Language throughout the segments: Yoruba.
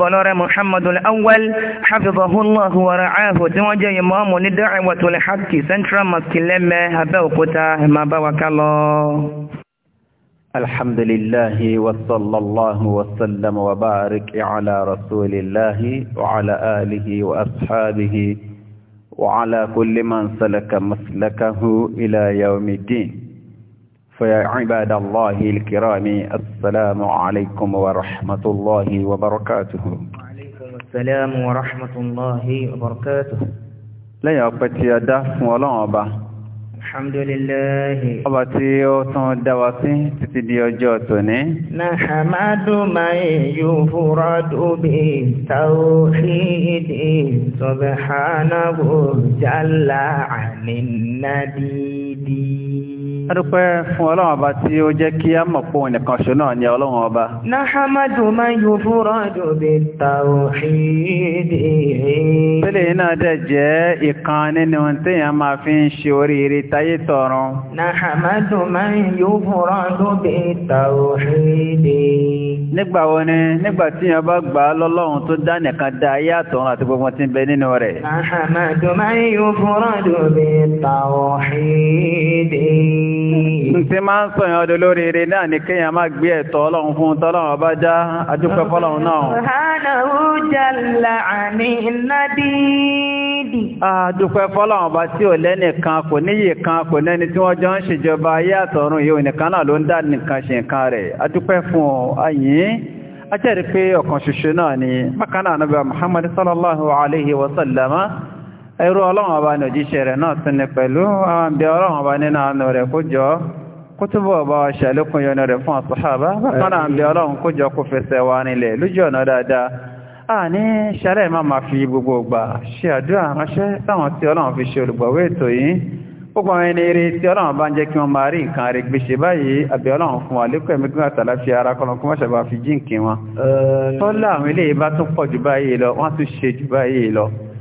بلاره محمد الأول حفظه الله ورعاه توجه إمام الدعوة الحق سنترا مسكلمة هبوكتا ما بوك الله الحمد لله وصلى الله وسلم وبارك على رسول الله وعلى آله وأصحابه وعلى كل من سلك مسلكه إلى يوم الدين فيا عباد الله الكرام السلام عليكم ورحمة الله وبركاته وعليكم السلام ورحمة الله وبركاته لا يقبت يا داف ولا أبا الحمد لله أبتي تيو تون دواسي تتديو جوتوني نحمد من يفرد به توحيد سبحانه جل عن النديد adúpẹ́ fún ọlọ́run ọba tí ó jẹ́ kí a mọ̀ pọ̀ nìkan ṣo náà ni ọlọ́run ọba. nahamadu ma yóò fúnra dòbí tàwíìdì. tẹ́lẹ̀ iná dẹ̀ jẹ́ ìkan nínú téèyàn máa fi ń ṣe oríire táyé tọ̀run. nahamadu ma yóò fúnra dòbí tàwíìdì. nígbà wo ni nígbà tí yẹn bá gbà á lọ́lọ́run tó dá nìkan dá ayé àtọ̀run àti gbogbo tí bẹ nínú rẹ̀. nahamadu ma yóò fúnra dòbí tàwíìdì. Ntí máa ń sọ̀yàn ọdún lóríire náà ni kéèyàn máa gbé ẹ̀tọ́ ọlọ́run fún tọ́lọ́run ọba já adúpẹ́ fọ́lọ́run náà. Subhanahu jalla ani nadidi. Adúpẹ́ fọ́lọ́run ọba tí ò lẹ́nìkan kò níyì kan kò lẹ́ni tí wọ́n jọ ń ṣèjọba ayé àtọ̀run yìí ònìkan náà ló ń dá nìkan ṣe nǹkan rẹ̀. Adúpẹ́ fún ayín. Ajẹ́rìí pé ọ̀kan ṣoṣo náà ni bákan náà Muhammad sallallahu alayhi wa ẹrú ọlọ́run ọba ní òjíṣẹ́ rẹ̀ náà tún ní pẹ̀lú àwọn bí ọlọ́run ọba nínú àánú rẹ̀ kó jọ kó túbọ̀ ọba ṣàlékún yọnu rẹ̀ fún àṣọ́hábá bákan náà bí ọlọ́run kó jọ kó fẹsẹ̀ wa nílẹ̀ lójú ọ̀nà dáadáa a ní ṣẹlẹ̀ má máa fi gbogbo gbà ṣe àdúrà ránṣẹ́ sáwọn tí ọlọ́run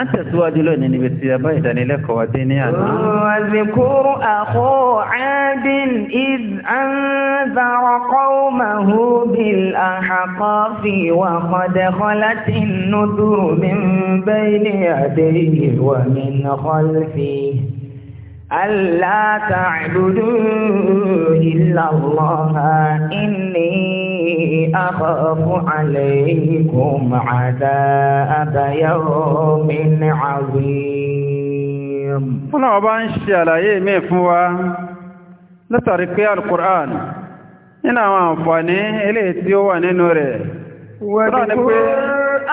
a tẹ̀síwájú lónìí níbi tí a bá ìdánilẹ́kọ̀ọ́ wa dé ní àná. Wàzìkúrú àkó àádín ìd àǹzàrọ̀ qawmahu bil ahqafi wa qad khalatin nuduru min bayni yadayhi wa min khalfihi. ألا تعبدوا إلا الله إني أخاف عليكم عذاب يوم عظيم فلا أبان شلعي مفوا لطريق القرآن إن أنفاني إليه تيوان نوري وذكر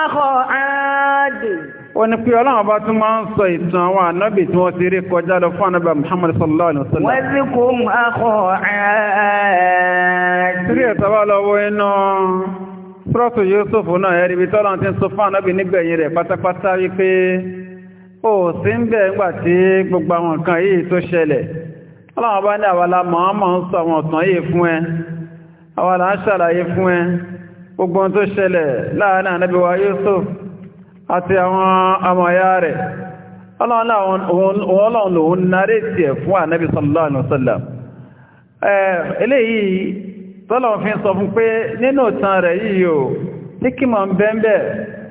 أخو عاد ó ní pé ọlọ́run bá tún máa ń sọ ìtàn àwọn ànábì tí wọ́n ti rí kọjá lọ fún ànábì Muhammad sallallahu alaihi wasallam. wọ́n ti kó akọ̀ ààrẹ. sírí ẹ̀ta bá lọ iná sọ́ọ̀tù Yusuf náà ẹ̀rí ibi tọ́lọ́ ti ń sọ fún ànábì nígbẹ̀yìn rẹ̀ pátápátá wípé ó sì ń bẹ̀ ńgbà tí gbogbo àwọn nǹkan yìí tó ṣẹlẹ̀ ọlọ́run bá ní àwàlá mọ̀ọ́mọ̀ ń sọ àwọn ọ̀tàn yìí fún ẹ àwàlá ń ṣàlàyé fún ẹ gbogbo ohun tó ṣẹlẹ̀ láàárín ànábì wa Yusuf àti àwọn amọ̀yá rẹ̀ ọlọ́run lòun náre tí ẹ̀ fún ànábì sallallahu alaihi wasallam eléyìí tọ́lọ̀ fi sọ fún pé nínú ìtàn rẹ̀ yìí o ní kí mọ̀ ń bẹ́ẹ̀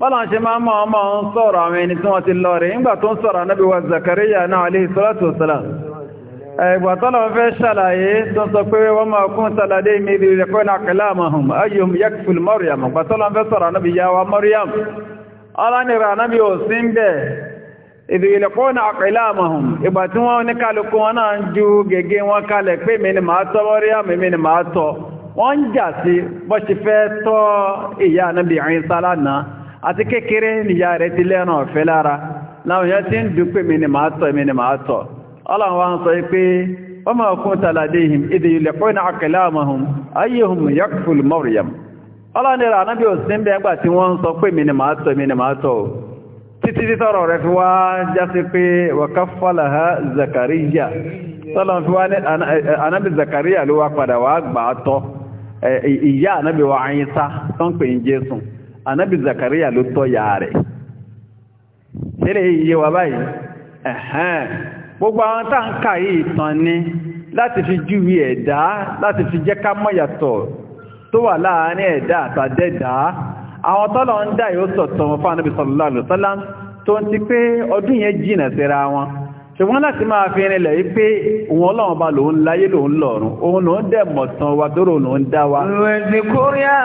bọ́lọ̀n ṣe máa mọ́ ọmọ ń sọ̀rọ̀ àwọn ẹni tí wọ́n ti lọ rẹ̀ nígbà tó ń sọ̀rọ̀ Ànábì wa Zakariya náà aléhì sọ́lọ́tù sọ́lá ẹgbà tọ́lọ̀ fẹ́ ṣàlàyé tó sọ pé wọ́n máa kún sàlàdé ìmìdì rẹ̀kọ́nà kalamahum ayyum yakful Maryam gbà tọ́lọ̀ fẹ́ sọ̀rọ̀ Ànábì ya wa Maryam ọlọ́nira Ànábì ò sí ń bẹ̀ ìdì ìlẹ̀kọ́nà ìyá Ànábì Ìsá lánàá àti kékeré níyà rẹ̀ ti lẹ́nà ọ̀fẹ́ lára láwọn yẹn ti ń dúpé mi ni màá tọ̀ mi ni màá tọ̀ ọlọ́run wa ń sọ pé wa ma kunta ladayhim idh yulquna aqlamahum ayyuhum yakfulu wọ́n ń sọ pé mi ni màá tọ̀ ìyá anábí wa Ìsá tó ń pè ń Jésù anabi Zakaria ló ya rẹ̀ ṣẹlẹ̀ iye wa báyìí ẹ̀hẹ́n gbogbo àwọn tá ń kà yìí tán ní láti fi júwe ẹ̀dá láti fi jẹ́ ká mọ́yàtọ̀ tó wà láàárín ẹ̀dá àtàdẹ́dá àwọn tọ́lọ ń dá ṣùgbọ́n láti máa fi rinlẹ̀ yí pé òun ọlọ́run bá lòun láyé lòun lọ́run òun lòun dẹ̀ mọ̀tàn wa dóró lòun dá wa. ìwẹ̀sìkúríà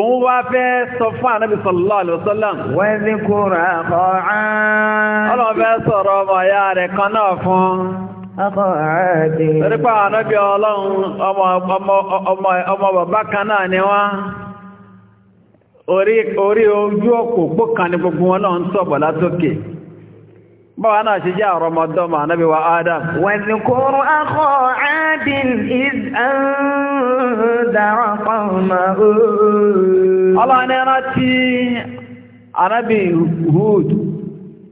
òun wá fẹ́ sọ fún ànábì sallallahu alaihi wasallam. ìwẹ̀sìkúríà kọ́rẹ́. ọlọ́run fẹ́ sọ̀rọ̀ ọmọ ìyá rẹ̀ kan náà fún. àkọ̀ọ̀rẹ́dì. Torípa ànábí ọlọ́run ọmọ bàbá kan náà ni wọ́n orí ojú òpópó kan ní gbogbo wọn náà ń sọ̀bọ̀ látókè. Báwa náà ṣe jẹ́ àrọmọdọ́mọ ànábí wa Adam.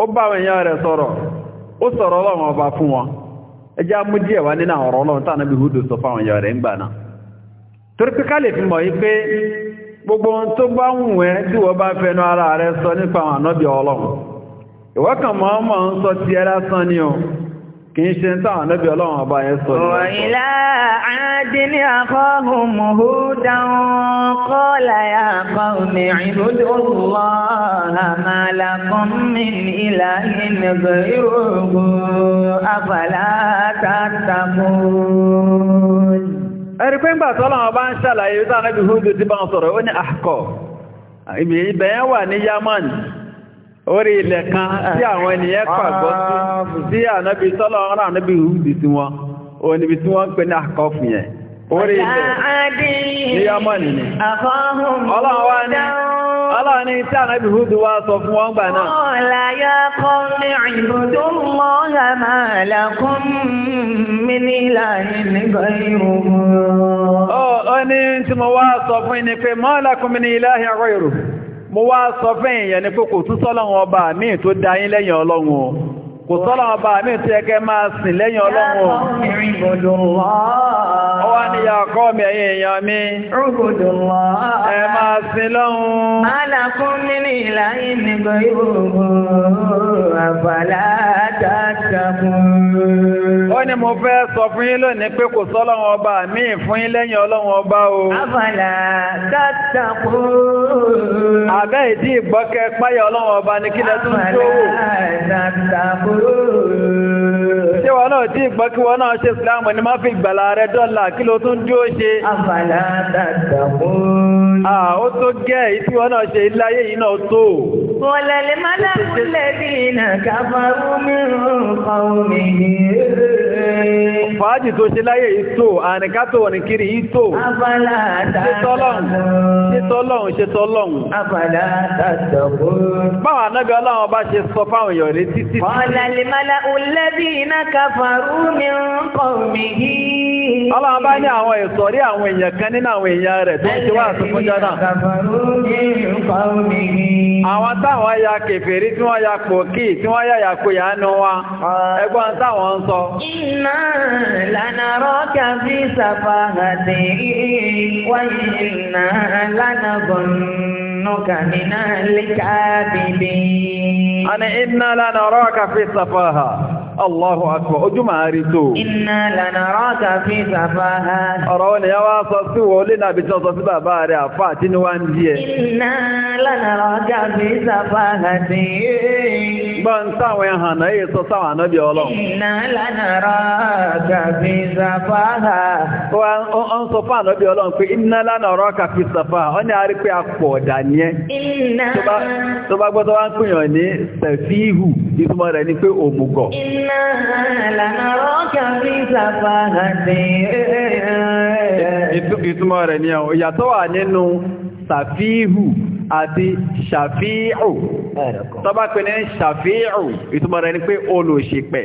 ó bá àwọn èèyàn rẹ̀ sọ̀rọ̀ ó sọ̀rọ̀ ọlọ́run ọba fún wọn ẹjá mú díẹ̀ wá nínú ọ̀rọ̀ ọlọ́run tánà bí húdù sọ fáwọn èèyàn rẹ̀ ń gbà náà gbogbo ohun tó bá wù ẹ́ tí wọ́n ara sọ nípa àwọn ànábì ọlọ́run ìwọ́kàn mọ́ ń sọ o kìí ṣe ń tàn lẹ́bí ọlọ́run ọba yẹn sọ ìwọ̀n. ọ̀ìlà àádínní àkọ́hùn mùhúdáun kọ́ọ̀lá àkọ́ mi ìbúdó lọ àmàlàkùn mi ìlà ìnàgbẹ̀ ìrògbò àfàlà tàtàkù. ní àkọ́ orí ilẹ̀ kan tí àwọn ènìyàn pàgbọ́ sí ànábi sọ́lọ́ ọ̀rọ̀ ànábi ìhùdì sí wọn oníbi tí wọ́n ń pè ní àkọ́fù yẹn orí ilẹ̀ ni ọlọ́wọ́ ni ọlọ́wọ́ ni tí ànábi ìhùdì wá sọ fún wọn gbà náà mo wá sọ fún èèyàn ní pé kò tún sọ́lọ́run ọba míì tó dá yín lẹ́yìn ọlọ́run o kò sọ́lọ́run ọba míì tó yẹ máa sìn lẹ́yìn ọlọ́run o ó wá ní ya ọkọ mi ẹ̀yin èèyàn mi ẹ máa sìn lọ́hun ó ní mo fẹ́ sọ fún yín lónìí pé kò sọ́lọ́wọ́ ọba mi fún yín lẹ́yìn ọlọ́wọ́ ọba o afala tàtàkùn àbẹ́ ìdí ìgbọ́kẹ́ páyà ọlọ́wọ́ ọba ní kílẹ̀ tó ń tó wò wọn náà tí ìgbọ́ kí wọn náà ṣe ìsìláàmù ní máa fi gbàlá rẹ dọ́là kí ló tún dúó ṣe. àbàlá dàdàkùn. à ó tó gẹ́ èyí tí wọn náà ṣe iláyé yìí náà tó. wọlé lè má dákun lẹ́bí iná káfárú mìíràn kan mi ní. fàájì tó ṣe láyé yìí tó àníká tó wọ̀ ní kiri yìí tó. àbàlá dàdàkùn. ṣetọ́lọ́hún ṣetọ́lọ́hún ṣetọ́lọ́hún. ṣe sọ fáwọn èèyàn kafaru min qawmihi. Ọlọ́run bá ní àwọn ìsọ̀rí àwọn èèyàn kan nínú àwọn èèyàn rẹ̀ tó ń ṣe wá àtúnkún jọ́nà. Àwọn táwọn ya kèfèrí tí wọ́n ya pòkì tí wọ́n yà yàkó yàánú wa. Ẹgbọ́n táwọn ń sọ. Inna lanaraka fi safahatin wa inna lanadhunnuka Allahu akbar ojú máa rí tó. Inna lanaraka fi safaha. Ọ̀rọ̀ wọn nìyá wá sọ sí wọ lé nàbí tí wọ́n sọ sí bàbá rẹ̀ àfà tí ni wá ń di ẹ. Inna lanaraka fi safaha sí. Gbọ́n táwọn ẹ̀hàn náà yìí sọ sáwọn ànábì ọlọ́run. Inna sọ fún ànábì ọlọ́run pé Tó bá gbọ́ wá ń pèèyàn ní Sẹ̀fíhù, ìtumọ̀ rẹ̀ ni pé òmùgọ̀. Inna. إنا لنراك في سفاهة ìtumọ̀ rẹ̀ ni àwọn ìyàtọ̀ wà nínú sàfíhù àti ṣàfíhù tọ́bá pẹ̀lú ṣàfíhù ìtumọ̀ rẹ̀ ni pé olùṣìpẹ̀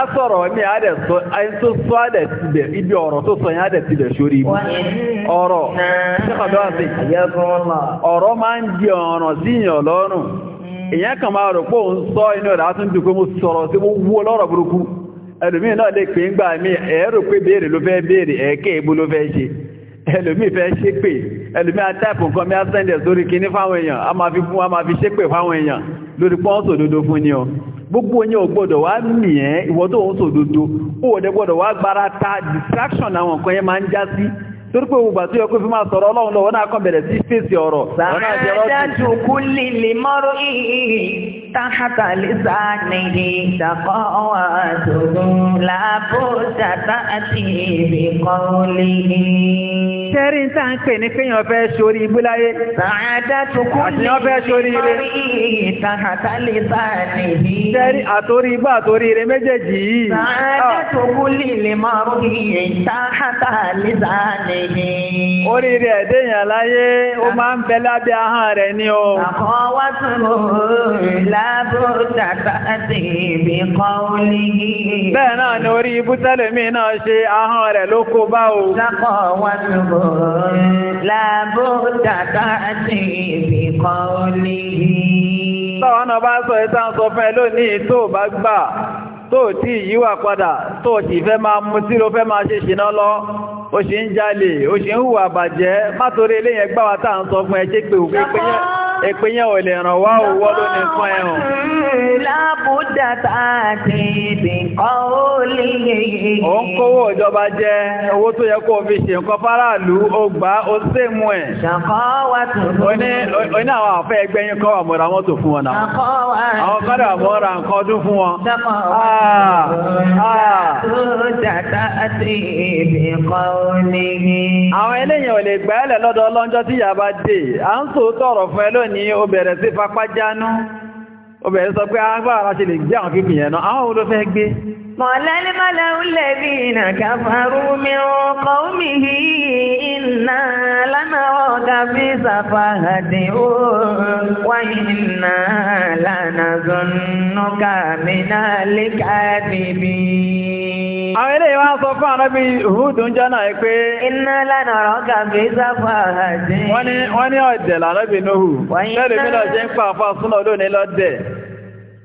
a sọ̀rọ̀ mi a dẹ̀ sọ ayi tó sọ a dẹ̀ ti bẹ̀ ibi ọ̀rọ̀ tó sọ yẹn a dẹ̀ ti bẹ̀ sórí ibi ọ̀rọ̀ sẹ́kọ̀ bí wọ́n sè ọ̀rọ̀ máa ń di ọ̀ràn sí yàn lọ́rùn èyàn hmm. kan máa rò pé òun sọ inú rẹ̀ á tún dùn pé mo sọ̀rọ̀ sí mo wú ọlọ́rọ̀ burúkú ẹlòmíì náà lè pè ń gbà mí ẹ̀ rò pé béèrè ló fẹ́ béèrè ẹ̀ẹ́kẹ́ ìbú ló fẹ́ ṣe ẹlòmíì fẹ́ ṣépè ẹlòmíì atáìpù nǹkan mi á sẹ́ndẹ̀ sórí kinní fáwọn èèyàn a máa fi fún a máa fi ṣépè fáwọn èèyàn lórí pọ́ńsò òdodo fún ni o gbogbo onye ò wa wá mì ẹ́ ìwọ tó ń sòdodo ó wọ̀dẹ̀ gbọ́dọ̀ wá gbára ta distraction àwọn nǹkan ya máa ń já sí torí pé òwúgbà tó ya fi máa sọ̀rọ̀ ọlọ́run lọ́wọ́ náà kàn bẹ̀rẹ̀ sí fèsì ọ̀rọ̀. sàrẹ́ تحت لسانه تقواته لا بد تأتي بقوله Tẹ́rí tá ń pè ní kéèyàn fẹ́ ṣorí ibú láyé. Sàádá ah. tó kú ní ìrìn tàhátà lè bá nìyí. Tẹ́rí àtórí ibá àtórí ire méjèèjì yìí. Sàádá tó kú lè márùn ìrìn tàhátà lè bá nìyí. Oríire ẹ̀dẹ́yàn láyé, ó máa ń bẹ lábẹ́ ahọ́n rẹ̀ ni o. Àkọ́wá tó lò ó lábò tàbá sí ibi kan ó lè yí. bẹ́ẹ̀ náà ni orí ibú tẹ́lẹ̀mí náà ṣe ahọ́n rẹ̀ ló kó bá o. sákọ̀ wá lóko lábò tàbá sí ibi kan ó lè yí. táwọn náà bá sọ ìtàn sọ fún ẹ lónìí tó bá gbà tó tí yíwà padà tó tí fẹ́ máa mú tí ló fẹ́ máa ṣe ṣìná lọ ó ṣe ń jalè ó ṣe ń hùwà bàjẹ́ má torí gbáwà tá ń sọ fún ẹ ṣé pé òpéyẹn ò lè ràn wá òwọ́ lónìí fún ẹ̀hùn búdà tá a ó ń kówó ìjọba jẹ owó tó yẹ kó o fi ṣe nǹkan fáráàlú ó gbà ó sì mú ẹ. ṣàkọ́ wa tó fún àwọn àfẹ́ ẹgbẹ́ yín kọ́ wà mọ́ra wọn tó fún wọn náà. ṣàkọ́ wa tó fún mi. àwọn kọ́dà mọ́ ra nǹkan ọdún fún wọn. ṣàkọ́ wa a ti obìnrin sọ pé agbára ah, ṣe lè gbé àwọn kéèkì yẹn náà àwọn olófẹ́ gbé قال الملأ الذين كفروا من قومه إنا لنراك في سفاهة وإنا لنظنك من الكاذبين àwọn eléyìí wá sọ fún àrẹ́bí húdù ń jọ́nà ẹ pé iná lánà rọ́gà bí sáfà àti wọ́n ní ọ̀dẹ̀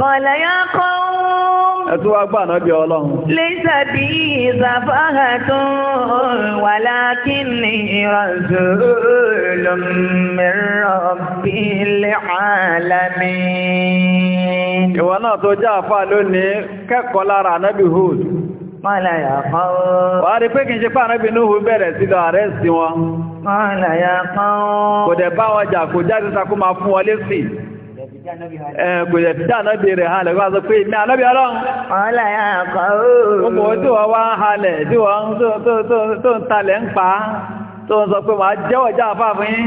Kọ̀lẹ̀ yá kọ́ Ẹ̀tú wá gbà náà bí ọlọ́run. Lẹ́sà bí ìsàfáhà tó wà láti ní ìrọ̀sù lọ́mìíràn bí ilẹ̀ àlámí. Ìwọ náà tó jẹ́ àfà lónìí kẹ́kọ̀ọ́ lára ànábì Hood. Mọ́lá yà kọ́. Kò dẹ̀ bá wọn kò jáde sakó máa fún wọn lésì ẹ̀kùnlẹ̀ tí ànábì rẹ̀ halẹ̀ wá sọ pé ìmẹ́ ànábì ọlọ́run ọ̀lá ya kọ̀ ooo ọkọ̀ tí wọ́n wá ń halẹ̀ tí wọ́n tó ń talẹ̀ ń pa tó ń sọ pé wà jẹ́wọ̀ jáfáà fún yín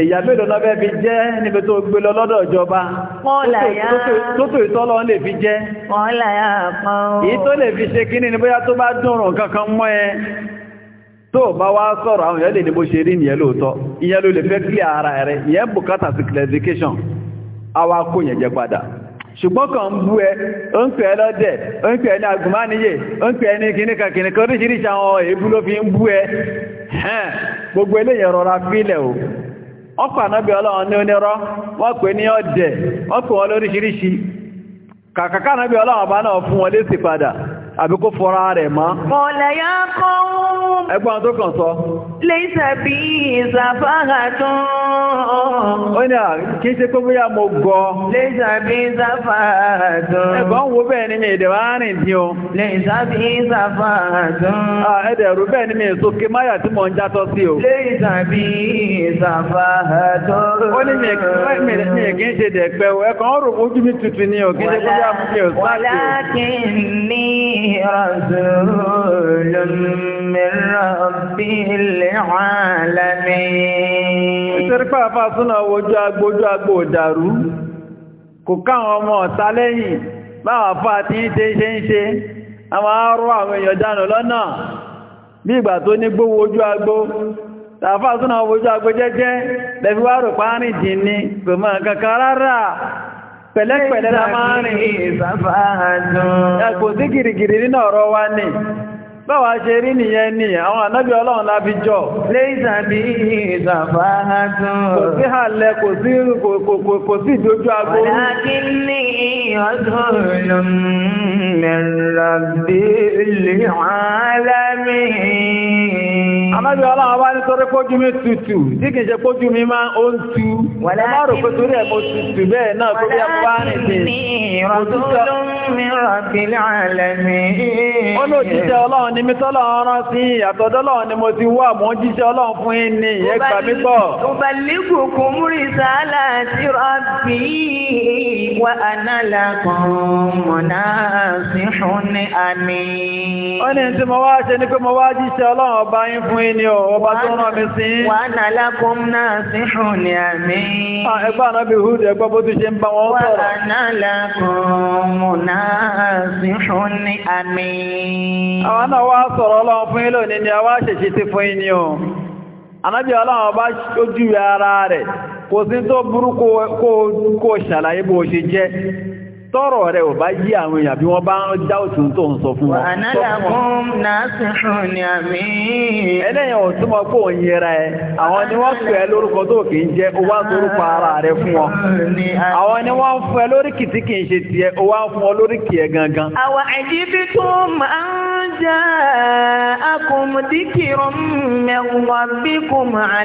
èyà mélòó lọ́bẹ́ fi jẹ́ níbi tó gbé lọ lọ́dọ̀ ìjọba tó tó lè fi jẹ́ èyí tó lè fi ṣe kíní ní bóyá tó bá dùnrùn kankan mọ́ ẹ tó bá wá sọ̀rọ̀ àwọn èèyàn lè ṣe rí ìyẹn lóòótọ́ ìyẹn ara ìyẹn bùkátà sí clarification yẹn jẹ kan bú ẹ o ń pẹ̀ lọ́dẹ̀ o ń pẹ̀ ní o ń ní oríṣiríṣi àwọn èébú ló fi gbogbo rọra fílẹ̀ o ọkọ̀ ànábí ọlọ́run ní onírọ́ wọ́n pè ní ọ̀dẹ̀ wọ́n pè wọ́n lóríṣiríṣi kàkàkà ànábí ọlọ́run bá náà fún wọn lésì padà àbí kó fọ́ra rẹ̀ mọ́. Mọ̀lẹ̀ yá kọ́ ohun. Ẹgbọ́n tó kàn sọ. Lẹ́sẹ̀ bí ìsàfáhà tún. Ó ní à kí ṣe pé bóyá mo gọ. Lẹ́sẹ̀ bí ìsàfáhà tún. Ẹgbọ́n wo bẹ́ẹ̀ ni mi èdè wá rìn dín o. Lẹ́sẹ̀ bí ìsàfáhà tún. Ẹ̀dẹ̀ rú bẹ́ẹ̀ ni mi sókè máyà tí mò ń játọ́ sí o. Lẹ́sẹ̀ bí ìsàfáhà tún. Ó ní mi kì í ṣe dẹ̀pẹ́ o. فيه رسول من ربه العالمين ìtẹ́rípà fásúnà ojú agbójú agbó ìdàrú kò káwọn ọmọ ọ̀tá lẹ́yìn báwọn afá tí ń ṣe ṣe àwọn arọ́ àwọn èèyàn dánù lọ́nà bí ìgbà tó ní gbówó pẹ̀lẹ́pẹ̀lẹ́ la máa rìn ìsàfáàdùn ẹ̀kò sí gìrìgìrì nínú ọ̀rọ̀ wa ní báwa ṣe rí nìyẹn ni àwọn ànábì ọlọ́run lábí jọ lẹ́ìsàbí ìsàfáàdùn kò sí hàlẹ̀ kò sí ìdójú agbó wàlákí ní ọdún Anábí ọlọ́wọ́ bá nítorí pójú mi tutù, tí kìí ṣe pójú mi máa ó ń tu. Wọ́lá rò torí ẹ̀mọ́ tutù bẹ́ẹ̀ náà tó bí ẹ̀mọ́ bá rìn Ó ló jíṣẹ́ mi tọ́lọ̀ ọ̀rán mi Ó ní tí mo wá ṣe ní pé mo wá jíṣẹ́ ọlọ́run ọba yín fún yín ni ọba tó rán mi sí. wà á nà lákùn náà sí hùn ní àmì. ẹgbẹ́ àná bí húdù ẹgbẹ́ bó ti ṣe ń bá wọn sọ̀rọ̀. wà á náà sí ní àmì. àwọn náà wá sọ̀rọ̀ ọlọ́run fún yín lónìí ni ṣèṣe fún yín ni ànábì ọlọ́run ọba ojú ara rẹ̀ tọ́rọ̀ rẹ̀ ò bá yí àwọn èèyàn bí wọ́n bá ń já òtún tó ń sọ fún wọn. ni àmì. ẹlẹ́yìn pé òun yẹra ẹ àwọn ni wọ́n lórúkọ tó kì í ara rẹ fún àwọn ni wọ́n lórí kìtì kì í ṣe tiẹ̀ ọ lórí kì gangan. àwa ẹ̀jí bí tó máa ń mẹ́wàá bí kò máa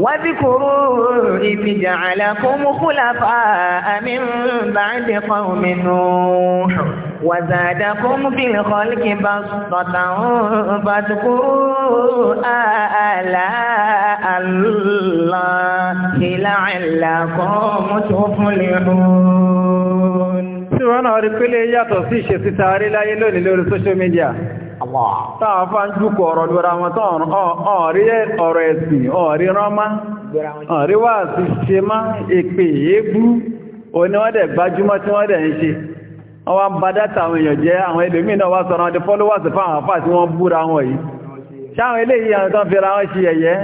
واذكروا إذ جعلكم خلفاء من بعد قوم نوح وزادكم في الخلق بسطة فاذكروا آلاء الله لعلكم تفلحون. Tí wọ́n náà rí pé lè yàtọ̀ sí ìṣesí tààrí láyé lónìí lórí social media. Allah. Táà fà ń jùkọ̀ ọ̀rọ̀ lóra wọn tó ọ̀rí ọ̀rọ̀ ẹ̀sìn, ọ̀rí ránmá, ọ̀rí wà sí ṣe má, èpè èébú, òní o dẹ̀ gbájúmọ́ tí wọ́n dẹ̀ ń ṣe. Wọ́n wá ń ba dátà àwọn èèyàn jẹ́ àwọn ẹlòmíì náà wá sọ̀rọ̀ ọdẹ followers fáwọn àfà tí wọ́n búra wọn yìí. Ṣáwọn eléyìí àwọn tán fẹ́ra wọ́n ṣe ẹ̀yẹ́,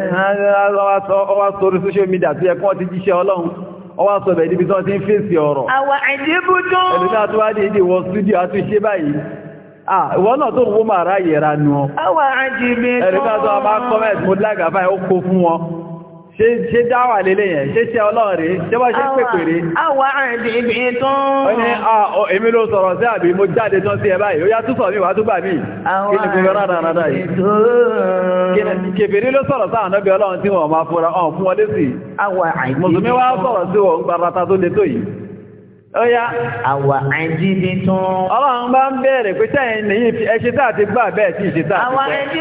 wọ́n sórí social media tó yẹ kí wọ́n ti jíṣẹ́ Ọlọ́run ọwá sọ̀bẹ̀ níbi tán ti ń fèsì ọ̀rọ̀. Àwọn àìdíbùdó. Ẹ̀lú náà tó wá dé ìdíwọ̀ studio àtúnṣe báyìí. Ah. ìwọ́n náà tó ń máa ráyè ra nù ọ. Àwa àjìbì tó. Ẹ̀rí káàtọ́ a máa mo lágàfà ẹ̀ ó kó fún wọn. Ṣé dáwà lélẹ̀ yẹn? Ṣé ṣe ọlọ́ọ̀rẹ́? Ṣé bá ṣe pèpèrè? Àwa àjìbì tó. Ó ní èmi ló sọ̀rọ̀ sí àbí mo jáde tán sí ẹ ó yá tún sọ̀ mí wá tún gbà mí. Àwa àjìbì tó. Kèfèrí ló sọ̀rọ̀ Ọya. Àwà ẹjí bí tún. Ọlọ́run bá ń bẹ̀rẹ̀ pé tẹ́yìn ní ẹṣẹ́ tàà ti gbà bẹ́ẹ̀ tí ìṣẹ́ Àwà ẹjí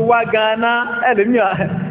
wá gan-an ẹlòmíà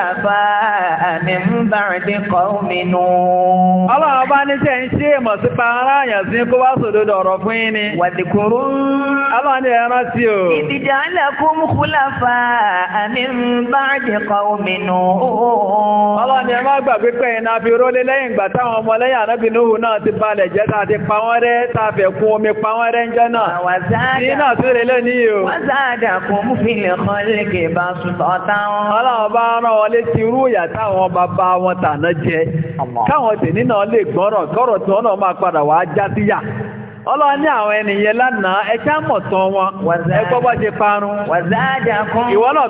khulafa min ba'di qawmi Nuh. ọlọ́run bá ní tẹ́ ń ṣe èmọ̀ sí pàrọ̀ àyàn sí kó wá sòdodo ọ̀rọ̀ fún yín ni. wadhkuru. ọlọ́run ní ẹran tí o. idh ja'alakum khulafa min ba'di qawmi Nuh. ọlọ́run ní ẹ má gbàgbé pé iná fi rólé lẹ́yìn ìgbà táwọn ọmọ lẹ́yìn ànábìnúhù náà ti balẹ̀ jẹ́ tá a ti pa wọ́n rẹ́ tá a fẹ́ kún omi pa wọ́n rẹ́ ń jẹ́ náà. ní náà tún rẹ̀ lẹ́ni yìí o. wọ́n sáà dà kún fílẹ̀ kọ́lé kè bá sùn tọ́ta wọn. ọlọ́run bá rán wọn létí irú ìyà táwọn bàbá wọn tàná jẹ káwọn tèmi náà lè gbọ́rọ̀ gbọ́rọ̀ tí wọn náà máa padà wá já síyà ọlọ́ni àwọn ènìyàn lánàá mọ̀tán wọn ẹgbọ́ bá ṣe parun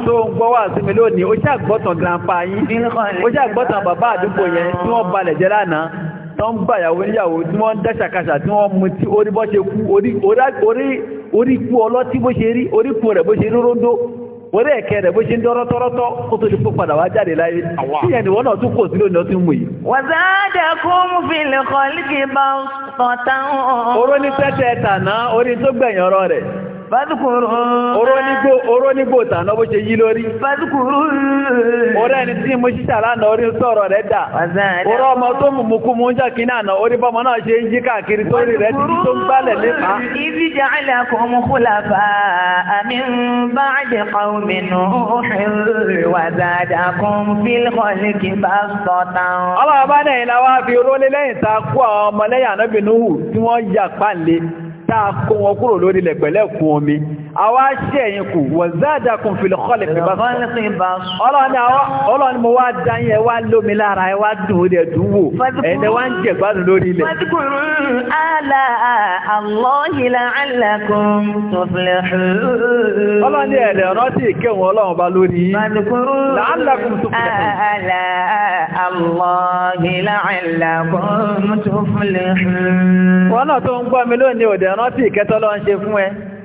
tó ń gbọ́ sí mi lónìí ó yín ó bàbá àdúgbò yẹn tí wọ́n balẹ̀ jẹ́ lánàá ń gbà yàwó níyàwó tí wọ́n ń dáṣàkáṣà tí wọ́n orí ẹ̀kẹ́ rẹ̀ bó ṣe ń dọ́rọ́ tọ́rọ́tọ́ kó tó lè fó padà wá jáde láyé tíyẹn ni wọ́n náà tún kò sí lónìí ọtún mú yìí. wàzáàdà kún fìlì kọ́líkì bá tọ̀tàn. oró ní pẹ́tẹ́ tàná orí tó gbẹ̀yìn ọ̀rọ̀ rẹ̀ fàdùkùrù oró nígbò tàná bó ṣe yí lórí fàdùkùrù oró ẹni tí mo ṣíṣà lánà orí sọ̀rọ̀ rẹ̀ dà oró ọmọ tó mú mú kú mú ń jàkí náà orí bọ́mọ náà ṣe ń jí káàkiri tó rẹ̀ tí tó ń gbálẹ̀ lépa ibi jàálà kò mú kúlàfà àmì ń bá àjẹ kàwùmí nù wà dáadáa kún fílkọ̀lì kí bá sọ̀tà ọlọ́ọ̀bá náà ìlàwà fi oró lé lẹ́yìn ta kú àwọn ọmọ lẹ́yìn ànábìnú hù tí wọ́n yà pàlẹ́ tá a kó wọn kúrò lórí ilẹ̀ pẹ̀lẹ́ kún omi àwa ṣe ẹ̀yìn kù wazadakum fil khalqi basata ọlọ́ni mo wá dá yín ẹ wá lómi lára ẹ wá dùn ún ẹ dùn wò ẹ̀ẹ́dẹ̀ wá ń jẹ̀ gbádùn lórí ilẹ̀. fadhkuru ala Allahi la'allakum tuflihun. ọlọ́ni ẹ̀rẹ̀ rántí ìkẹwọn ọlọ́run wọ́n náà tó ń gbọ́ mi lónìí òdẹ̀ rántí ìkẹtọ́ ń ṣe fún ẹ.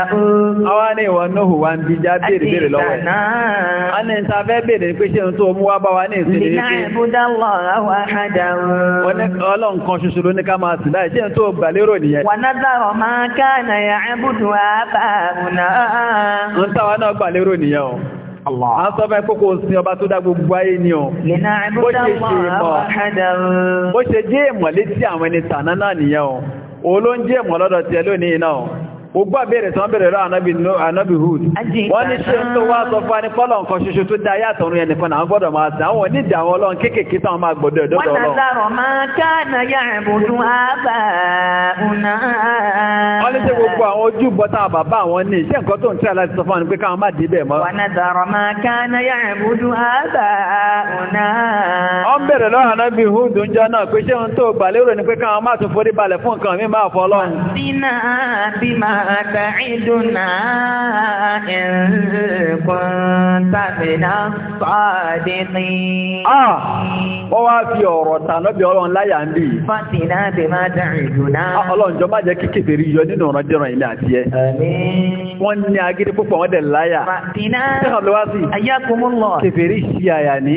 Àwọn ní ìwọ̀n nóhù wa ń bí já bèèrè bèèrè lọ́wọ́ A ní ìta fẹ́ bèèrè pé ṣe ń tó mú wá bá wa ní ìsinmi ní ṣe ń náà A sọ fẹ́ kókó sin ọba tó dá gbogbo ayé ni ọ. Bó ṣe jẹ́ ìmọ̀lé tí àwọn ẹni tàná náà nìyẹn o. Òun ló ń jẹ́ ìmọ̀lọ́dọ̀ tiẹ̀ lónìí náà gbogbo àbẹ̀rẹ̀ tán bẹ̀rẹ̀ rán anábì hood wọ́n ní ṣe tó wá sọ fún anípọ́lọ̀ nǹkan ṣoṣo tó dá yàtọ̀rún ẹni fún àwọn gbọ́dọ̀ máa sí àwọn onídìí àwọn ọlọ́run kéékèèké táwọn máa gbọ́dọ̀ ẹ̀dọ́dọ̀ ọlọ́run. wọ́n tàbí ọmọ káàna yàrá ìbùdún àbà ọ̀nà. wọ́n ní ṣe gbogbo àwọn ojú bọ́tà bàbá àwọn ní iṣẹ́ nǹkan tó ń tẹ́ láti sọ fún àwọn bẹ̀rẹ̀ lọ́rọ̀ anábì hood ń jọ náà pé ṣé ohun tó gbà lérò ni pé káwọn má tún forí balẹ̀ fún nǹkan mi máa تعدنا إن كنت من الصادقين آه ah, wọ́n wá fi ọ̀rọ̀ tànàbí ọlọ́run láyà ń bí. fásitì náà ti máa dàrin ìdùnnà. ọlọ́run jọ máa jẹ́ kíkèsè rí yọ nínú ọ̀rọ̀ dẹ̀rọ̀ ilé àti ẹ. wọ́n ní agídí púpọ̀ wọ́n dẹ̀ láyà. fásitì náà. sẹ́wọ̀n ló wá sí. ayé àkómọ́ lọ. kèsè rí ìṣí àyà ní.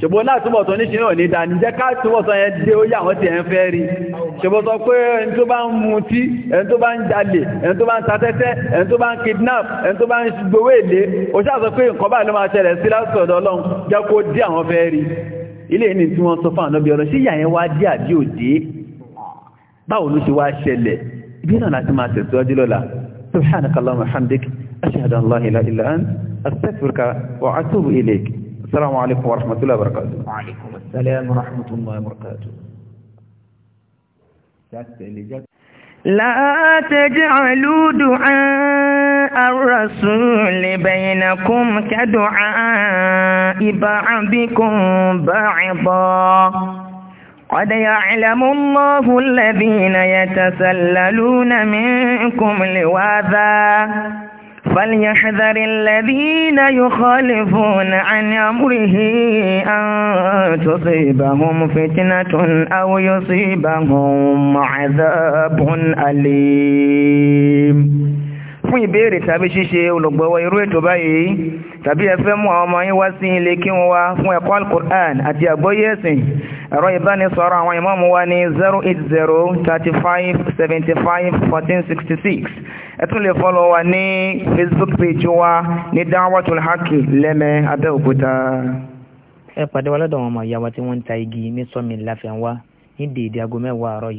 ṣùgbọ́n látúbọ̀ tó ní ṣe náà ní ìdáni jẹ́ ká túbọ̀ sọ yẹn dé ó yà wọ́n ti ẹ̀ ń fẹ́ rí ṣùgbọ́n sọ pé ẹni tó bá ń mutí ẹni tó bá ń jalè ẹni tó bá ń tatẹ́tẹ́ ẹni tó bá ń kidnap ẹni tó bá ń gbowó èlé ó ṣàṣọ pé nǹkan báyìí ló máa ṣẹlẹ̀ sí lásìkò ọ̀dọ̀ ọlọ́run jẹ́ kó dé àwọn fẹ́ rí ilé ní tí wọ́n sọ fún ànábì ọlọ́ sí yàyẹn wá dé àbí òde báwo ló ṣe wá ṣẹlẹ̀ ibi náà láti السلام عليكم ورحمة الله وبركاته وعليكم السلام ورحمة الله وبركاته لا تجعلوا دعاء الرسول بينكم كدعاء بعضكم بعضا قد يعلم الله الذين يتسللون منكم لواذا فليحذر الذين يخالفون عن أمره أن تصيبهم فتنة أو يصيبهم عذاب أليم fún ìbéèrè tàbí ṣíṣe olùgbọ̀wọ́ irú ètò báyìí tàbí ẹ fẹ́ mú àwọn ọmọ yín wá sí ilé kí wọ́n wá fún ẹ̀kọ́ alkùnrin àti àgbọ́yé ẹ̀sìn ẹ̀rọ ìbánisọ̀rọ̀ àwọn ìmáàmù wa ní 08035751466 ẹ lè fọ́lọ̀ wa ní facebook page wa ní Da'watul Haqi lẹ́mẹ́ Abẹ́òkúta ẹ pàdé wa lọ́dọ̀ àwọn ọmọ ìyá wa tí wọ́n ń